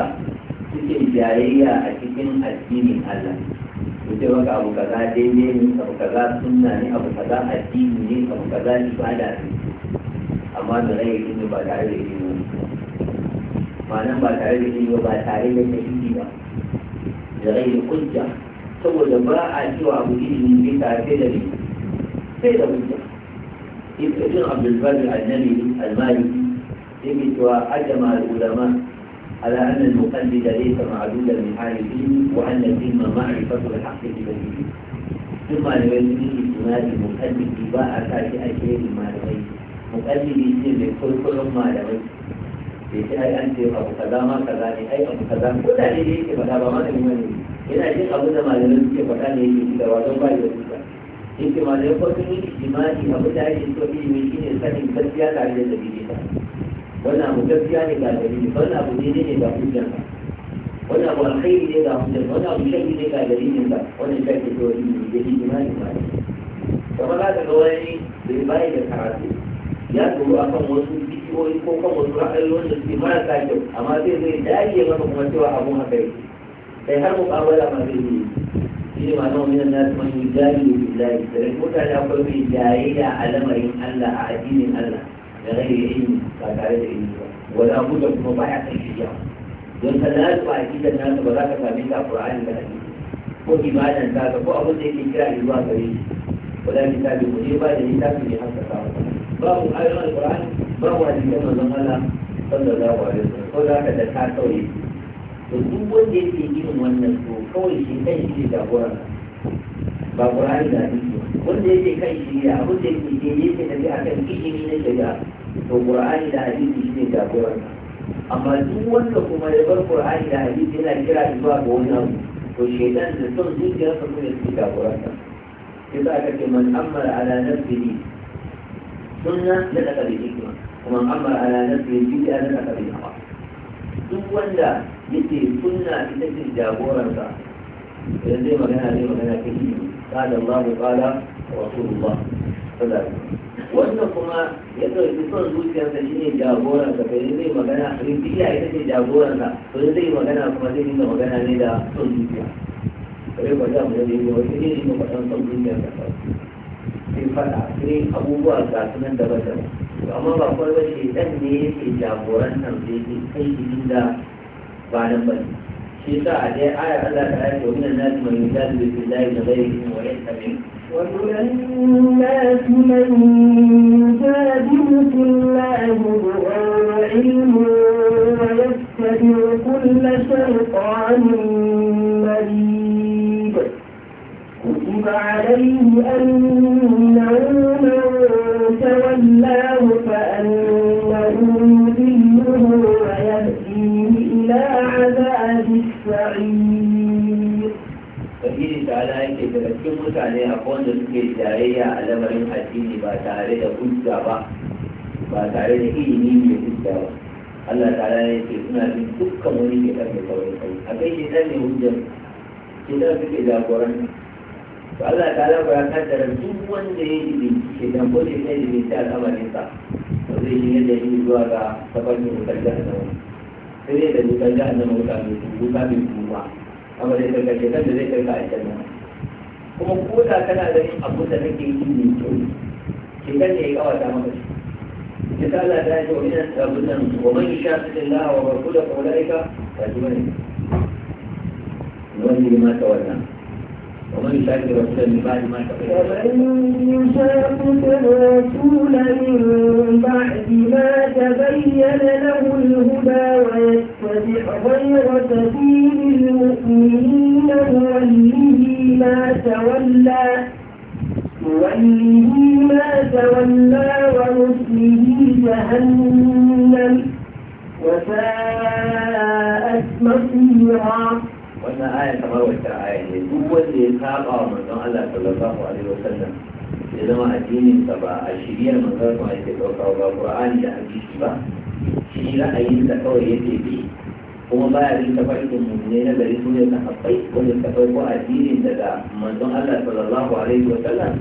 [SPEAKER 2] suke jayayya a cikin addinin Allah su ce maka abu kaza daidai ne abu kaza sunna ne abu kaza addini ne abu kaza ibada ne amma da rai yake ba tare da ilimi ba nan ba tare da ilimi ba tare da dalili ba da rai hujja saboda ba a cewa abu ilimi bai tare da ne sai da hujja ibn abdul bari annabi al-maliki yake cewa ajma al-ulama على أن المقلد ليس معدودا من حال العلم وأن العلم معرفة الحق بذاته ثم لو يجوز اجتماع المقلد باء كاشئ شيء معرفته mukallidi ne mai kulkulun malamai bai ce ai an ce abu kaza ma kaza ne ai abu kaza ko da ne yake faɗa ba ma da ne yana jin abu da malamai suke faɗa ne yake shiga wa don ba ya hujja yake malamai ko sun yi ijimani abu da ake so ilimi shine sanin gaskiya tare da dalili ba wannan abu gaskiya ne ga dalili wannan abu daidai ne ga hujjan ka. wannan abu alkhairi ne ga hujjan wannan abu shakki ne ga dalilin ba wannan shakki ne ga dalilin ba kamar za ka ga wani bai bayi da karatu mutu a kan wasu cikiyoyi ko kan wasu ra'ayoyi wanda suke marasa kyau amma zai zai dage maka kuma cewa abun haka yi kai har muƙabala ma zai yi shi ne ma'anar wani nan nasu man yi jari da bilayi da rai mutane akwai mai jayayya a alamarin Allah a addinin Allah da rai da ilimi ba tare da ilimi ba wani abu da kuma baya kan ya don ka nasu ba a kitan nasu ba za ka sami ta ƙura'ani Qur'ani da hadisi ko ibadan ta ko abin da yake kira zuwa gare shi wala kitabi mu ne ba da littafi ne haka samu babu ayoyin alkur'ani babu hadisan manzon Allah za alaihi wasallam ko za ka da ka kawai to duk wanda yake irin wannan to kawai shi kai shi jagoran ba qur'ani da hadisi wanda yake kai shi ya abu da yake ke yake da akan ilimi na shari'a to qur'ani da hadisi shi ne jagoran amma duk wanda kuma ya bar qur'ani da hadisi yana kira zuwa ga wani abu to shaitan da son zuciyarsa kuma ya fi jagoran ka sai za ka ce man ammar ala nafsihi sunna da taka bai hikima kuma amma ala nafi bid'a da taka bai hawa duk wanda yake sunna ita ce jagoransa idan zai magana zai magana ta ilimi qala Allah qala rasulullah sallallahu wanda kuma ya ɗauki son zuciyarsa shi ne jagoransa kai zai magana rijiya ita ce jagoransa to zai magana kuma zai dinga magana ne da son zuciya kare ba za mu yi wani ne ne ba faɗan son zuciyarsa kawai sai fada ne abubuwa ga su nan daban daban amma ba kawai ba dan ne yake jagoran jagorantar da yake kai inda ba nan ba shi sa a dai Allah ta ayar domin minan nasu mai yuzadu da billahi da ghairi min wa yi
[SPEAKER 1] wa minan nasu mai yuzadu billahi wa ghairi wa yastamin kull shaytanin marid kutiba alayhi
[SPEAKER 2] ke jagoran to Allah ta lafa ya kaddara duk wanda ya yi bincike dan ko da ya yi bincike al'amarin sa to zai yi ne da yi zuwa ga da wutar jahannama sai dai da wutar jahannama wuta mai wuta mai kuma amma dai daga shekar da zai kai ka aljanna kuma ko da kana ganin abin da nake yi ne kyau shekar ne ya kawata maka shi مثال ذلك ومن ومن يشاقق الله ورسوله فاولئك ne. نولي ما تولى ومن يشاكر رسولا من بعد ما تبين
[SPEAKER 1] يشاكك الرسول من بعد ما تبين له الهدى ويتبع غير سبيل المؤمنين نوليه ما تولى نوليه ما تولى ونصله جهنم وساءت مصيرا
[SPEAKER 2] wannan aya kamar wacce aya ne duk wanda ya saba wa manzon Allah sallallahu alaihi wasallam ya zama addinin sa ba a shiriyar manzon Allah yake dauka ba Qur'ani da hadisi ba shi ra'ayin da kawai yake bi kuma ba ya bin tafarkin mu'minai na gari sune ta haɓɓai wanda ta dauko addinin daga manzon Allah sallallahu alaihi wasallam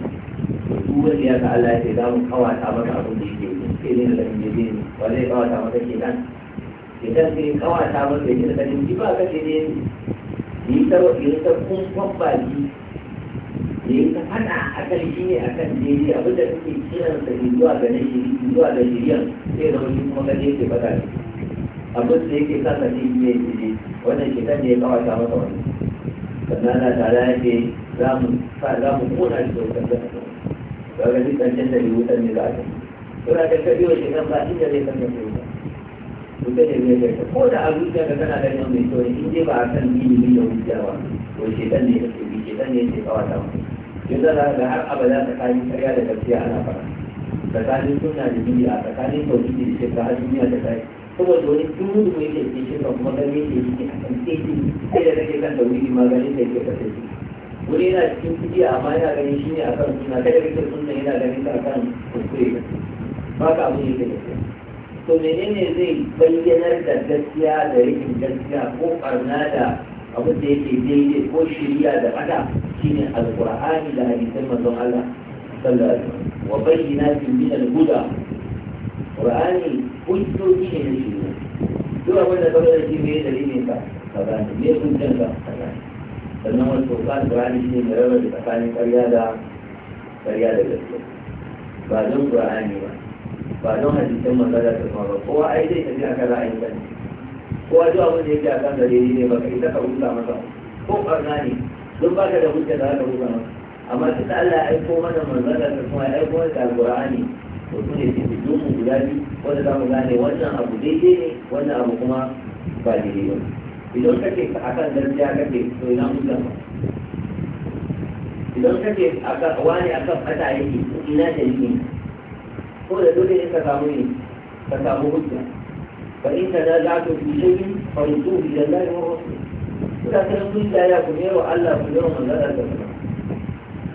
[SPEAKER 2] duk wanda ya ga Allah yake za mu kawata maka abin da yake sai ne da ne ba zai kawata maka kenan idan sai kawata maka yake da kanin ba ka ce ne da yi ta kumfan da yi ta fada a kan shi a kan daidai abin da na shiri zuwa ga shiriyan sai kuma ke fada ne abin da yake sa ne ne wannan ne ya kawata masa wani sannan na tare ya ce za mu kona shi da wutar da ga duk canza da wutar ne za a da ba inda zai kasance mutum ya zai gaita ko da a zuciya ka kana ganin mai kyau ne in dai ba a kan ilimi da wuciya ba to shedan ne ya tsobi shedan ne ya kawata mu yanzu za ga har abada ta tsakanin karya da gaskiya ana fara tsakanin suna da biya tsakanin tauhidi da shirka har duniya da kai saboda wani dudu mai da ke shirka kuma gani ke shi a kan teki sai da kake kan tauhidi ma gani da ke kasa shi wani yana cikin kuɗi amma yana ganin shi ne a kan suna kada kake suna yana ganin ta a kan kuskure ba ka abin yake da to menene zai bayyanar da gaskiya da rikin gaskiya ko barna da abu da yake daidai ko shirya da fada shine alqur'ani da hadisan manzon Allah sallallahu alaihi wasallam wa bayyinatin min al-huda qur'ani hujjoji ne na shirya duk abin da kawai da shi ne dalilin ka kaza ne me hujjan ka kaza sannan wani tsofa qur'ani shine mai rawar da tsakanin ƙarya da ƙarya da gaskiya ba don qur'ani ba ba don hadisan manzala ta kuma ba kowa ai zai tafi a akan ra'ayin kan kowa duk abin da yake kan gare ne baka ita ka huta masa ko barna ne don baka da hujja da aka huta masa amma ta Allah ya aiko mana manzala ta kuma ya aiko mana alqur'ani to ne su duk mu guda biyu wanda za mu gane wannan abu daidai ne wannan abu kuma ba daidai ba idan kake akan gaskiya kake to ina hujja ba idan kake akan wani akan fata yake ina dalili ko da dole ne ka samu ne ka samu hujja fa in ta naza'tu fi shay'in fa yusuhu ila Allah wa rasulih kuna kan kun da ya ku ne wa Allah ku ne wa manzara da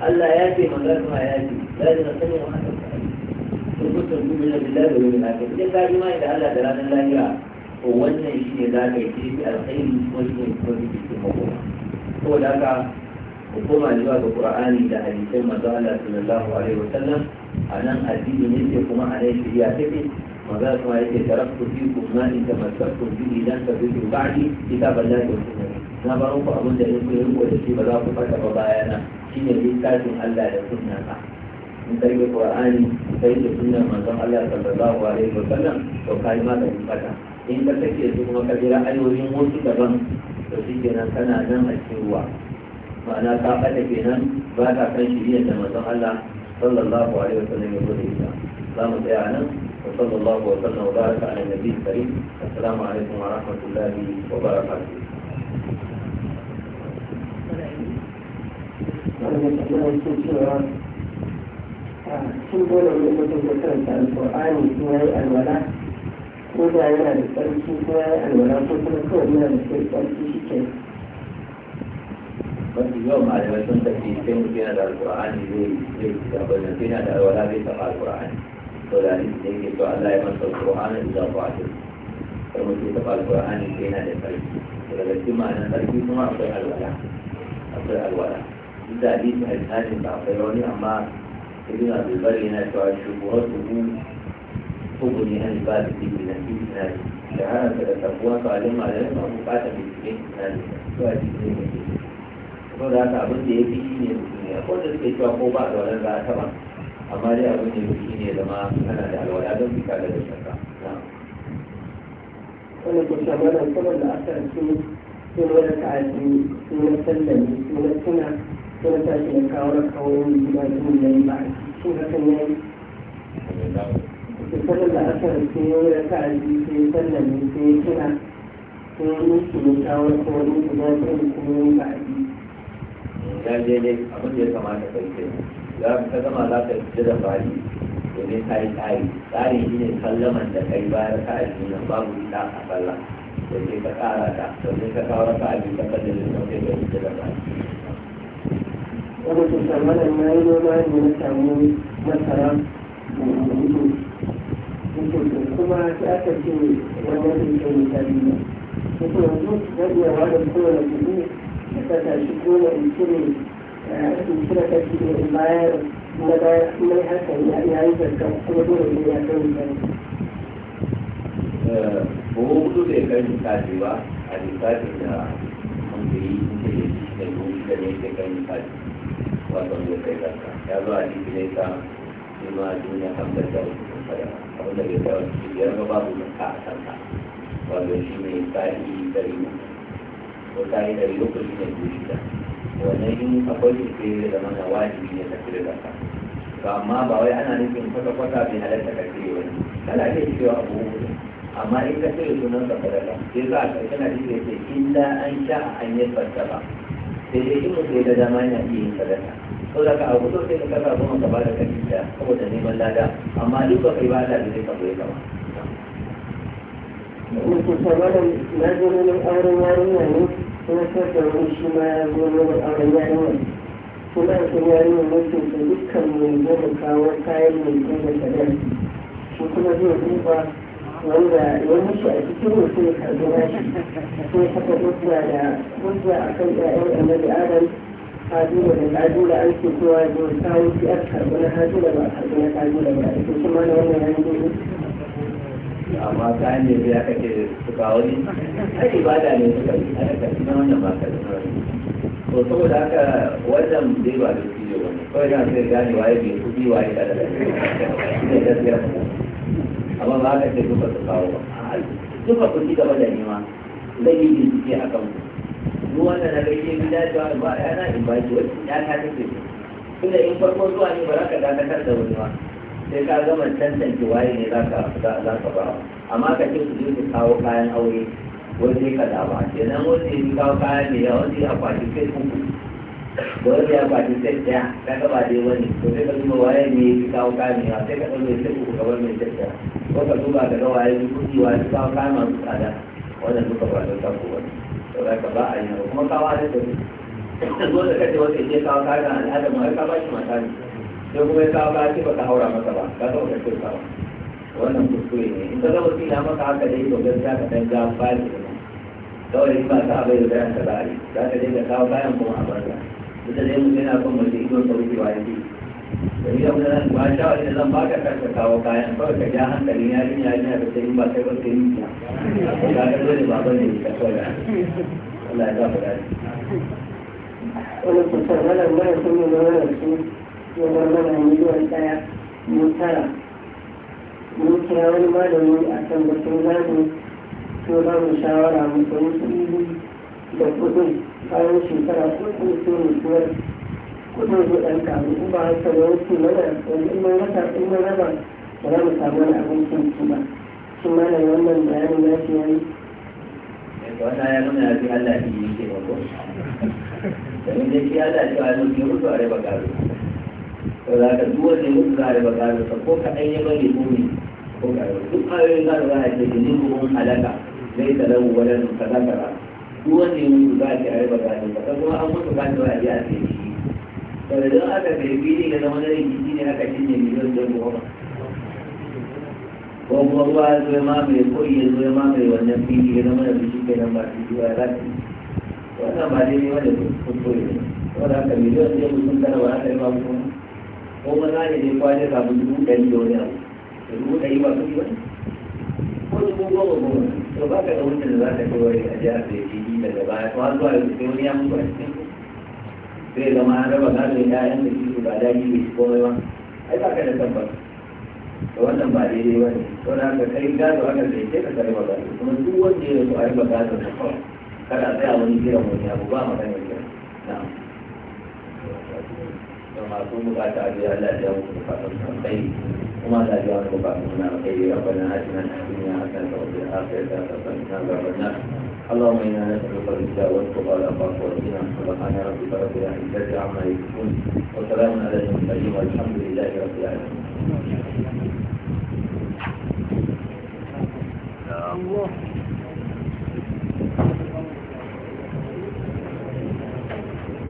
[SPEAKER 2] Allah ya ce manzara ma ya ce la ilaha illa Allah in kuntum tu'minuna billahi wal yawmil akhir idan ka yi mai da Allah da ranar lahira ko wannan shi ne za ka yi shi alkhairi wannan kuma shi ke makoma saboda haka kuma ne ba ga Qur'ani da hadisan manzo Allah sallallahu alaihi wa wasallam anan nan addini ne ke kuma a nan shirya take maza kuma yake taraktu fi kuma in ta masarku bi idan ka bi ba'di kitaban la yusunna na ba ku abin da yake yin ko da shi ba za ku fata ba bayana shine littafin Allah da sunna ka in kai da Qur'ani yi da sunnar manzon Allah sallallahu alaihi wa sallam to kai ma da fata in ka take su kuma ka jira ayoyin wasu daban to shi kenan kana nan a cikin ruwa ma'ana ka fata kenan ba ta kan shirya da manzon Allah صلى الله عليه وسلم يقول الإسلام سلام وصلى الله وسلم وبارك على النبي الكريم السلام عليكم ورحمة الله وبركاته Thank you. mafi yawan malamai sun tafi sai mutum yana da alƙur'ani zai zai tabbata sai yana da alwala zai taɓa alƙur'ani to da hadisi da yake to Allah ya masa alƙur'ani da zafi a cikin sai mutum taɓa alƙur'ani sai yana da sarki to daga cikin ma'anar sarki kuma akwai alwala akwai alwala duk da hadisi hadisanin ba akwai rauni amma ibn abdulbar yana cewa shubuhatuhu hukuni an ba da cikin na cikin na da hana da tabuwa to alimma da yana bukatar bincike na da cikin na kuma da haka abin da ya fi shi ne mutum ya ko da suke cewa ko ba da wannan za a amma dai abin da ya fi shi ne zama kana da alwala don fita da shakka wannan ko shama na da aka su sun wani ta'adi sun na sallami sun na tuna sun na tashi na
[SPEAKER 1] kawo na kawo yin jima jin da ba a cikin hakan ya
[SPEAKER 2] yi sallar da aka sai ya yi ta'adi sai ya sallami sai ya tuna sai ya yi shi ne kawo na kawo yin jima jin da ba a cikin ya je ne abin da ya kamata kai kai za ta zama za ta yi da bari domin ka yi tsari tsari shi ne sallaman da kai bayar ka yi nan babu ita a sallah da ke ka tsara ta domin ka kawo ka a ta ka kalli da sauke da fita da bari.
[SPEAKER 1] Wani tutar mana na yi noma ne na samu masara kuma ta aka ce wani rikin da ta biyu. Kuma yanzu zai iya wada kowane mutum tabbata shi ko na in cire eh, in ta kashi da in bayar na bayar kuma ya haka ya yi zarka kuma dole ne ya kai
[SPEAKER 2] zarka. Kuma hudu bai kai misali ba a misali da wanda yi ke da yi da ne ke kai misali wato ne kai zarka ya zo a jiki ne ka ima duniya kan da zarka abinda bai kai wani cibiyar ba babu zarka a kanka wato shi ne yi dari mutum mutane ɗari lokacin da ne dubu shida wannan yin akwai shi ke da mana wajibi ne ka cire zakka to amma ba wai ana nufin kwata-kwata bai halatta ka cire wani kana iya cewa abu hudu amma in ka cire sunan ka sadaka sai za a ƙarshen hadisi ya ce illa an sha hanyar yi ba sai dai in mutum da dama yana iya yin sadaka sau da ka abu so sai ka kasa goma ka bada kashi da saboda neman lada amma duk ba kai ba da zai ka bai kama
[SPEAKER 1] mutum saboda na zo neman auren yarinya ne sai da shi ya zo auren yayin kuma da kuma mutum da dukkan mai zo kawo kayan mai zo da shi kuma zai duba wanda ya mutu a cikin mutum ya karbi nashi sai haka hujja da hujja a kan ƴaƴan annabi adam hajjula da hajjula an ce kowa ya zo kawo shi a karbi na ba a karbi na hajjula ba a cikin shi ma na wannan
[SPEAKER 2] amma ta hanyar biya kake suka wani Har ibada ne suka yi ana kashi na wannan ba ka zama to saboda haka wannan zai ba da fiye wani kawai na sai gane waye bai kudi waye da da ne gaskiya amma ba ka ce duka su kawo ba duka ku ci gaba da nema zai yi ciki a kan ku wannan na gaishe gida cewa ba yana in ba ki wani. ya ta take tunda in farko zuwa ne ba za ka dakatar da wani ba sai ka gama tantance waye ne za ka ba amma ka ce su ka kawo kayan aure wani ka dama ba kenan wani ne kawo kayan ne ya wani ya kwaci sai uku wani ya kwaci sai ɗaya ka gaba dai wani to sai ka zuba waye ne ya kawo kayan ne sai ka ɗaure sai uku kamar mai sai ko ka zuba ka ga waye ne kuɗi waye ya kawo kayan masu tsada wannan duka ba da kawo wani to za ka ba a yi kuma kawo da ta dole ka ce wata kawo kayan al'adar ma shi mata ne sai kuma ya kawo ba ce baka haura masa ba ka zama da kyauta ba wannan kuskure ne in ka zama kila maka haka dai to gaskiya ka dan ga fari ne kawai in ba ta bai da bayan ka za a yi za ka dai ka kawo bayan kuma a barka duk da dai mu yana son mace idon sa wuce bayan ji da ni abu da nan ba shawari da zan baka kar ka kawo kayan kawai ka ja hankalin yarin yarin ya kace in ba kai ba sai yi ya ka dole ba bane ka kawai Allah ya ba mu dace
[SPEAKER 1] wannan kusa wannan ne sun yi wannan ya gwargwada miliyan ɗaya mun mun kira wani malami a kan batun zamu to ba mu shawara kuɗin shekara ko kuma sai kuɗin zai ɗan da samu wani
[SPEAKER 2] abincin wannan bayanin ya ya nuna ya fi Allah ne yake ba ko? Domin dai shi Allah ce wa ke mutu a rai ba da za ka duwa ne mutu za a riba gado ka ko kaɗan ya bari ko ne ko gado duk ayoyin za a ce da nin ruwan alaka, zai ta lau wajen ka za ka ba duwa ne mutu za a ce a riba gado ka kuma an mutu ba a ji a ce shi saboda don aka karbi ne ga zama na rikici ne aka cinye miliyan don goma ko kuma ruwa ya zo ya mamaye ko iya zo ya mamaye wannan fili ya zama da shi kenan ba su zuwa ya zafi wannan ba dai ne wanda kuskure ne saboda haka miliyan ɗaya mutum tara ba aka yi ba mutum ko maza ne ne kwanin samun dubu ɗari da wani abu da dubu ɗari ba yi ba ko dubu goma goma to ba ka da wuce da za ka kawai a ji a sai yi daga baya ko an zuwa yau sai wani ya mutu a cikin zai zama an raba gado ya ƴaƴan da shi ba daji bai ko komai ba ai ba ka da tabbas to wannan ba daidai ba ne to na haka kai gado haka zai sai ka kai karɓa gado kuma duk wanda ya rasu a riba gado da kawai kada a tsaya wani jiran wani abu ba magana kiran na'am masu bukata a biya Allah ya wuce bukatun kai kuma Allah ya wuce bukatun na kai rabbana atina fid dunya hasanatan wa fil akhirati hasanatan wa qina adhaban اللهم انا da الهدى ya fi والغنى سبحان ربك رب العزه عما يصفون وسلام على المرسلين والحمد لله رب
[SPEAKER 1] العالمين.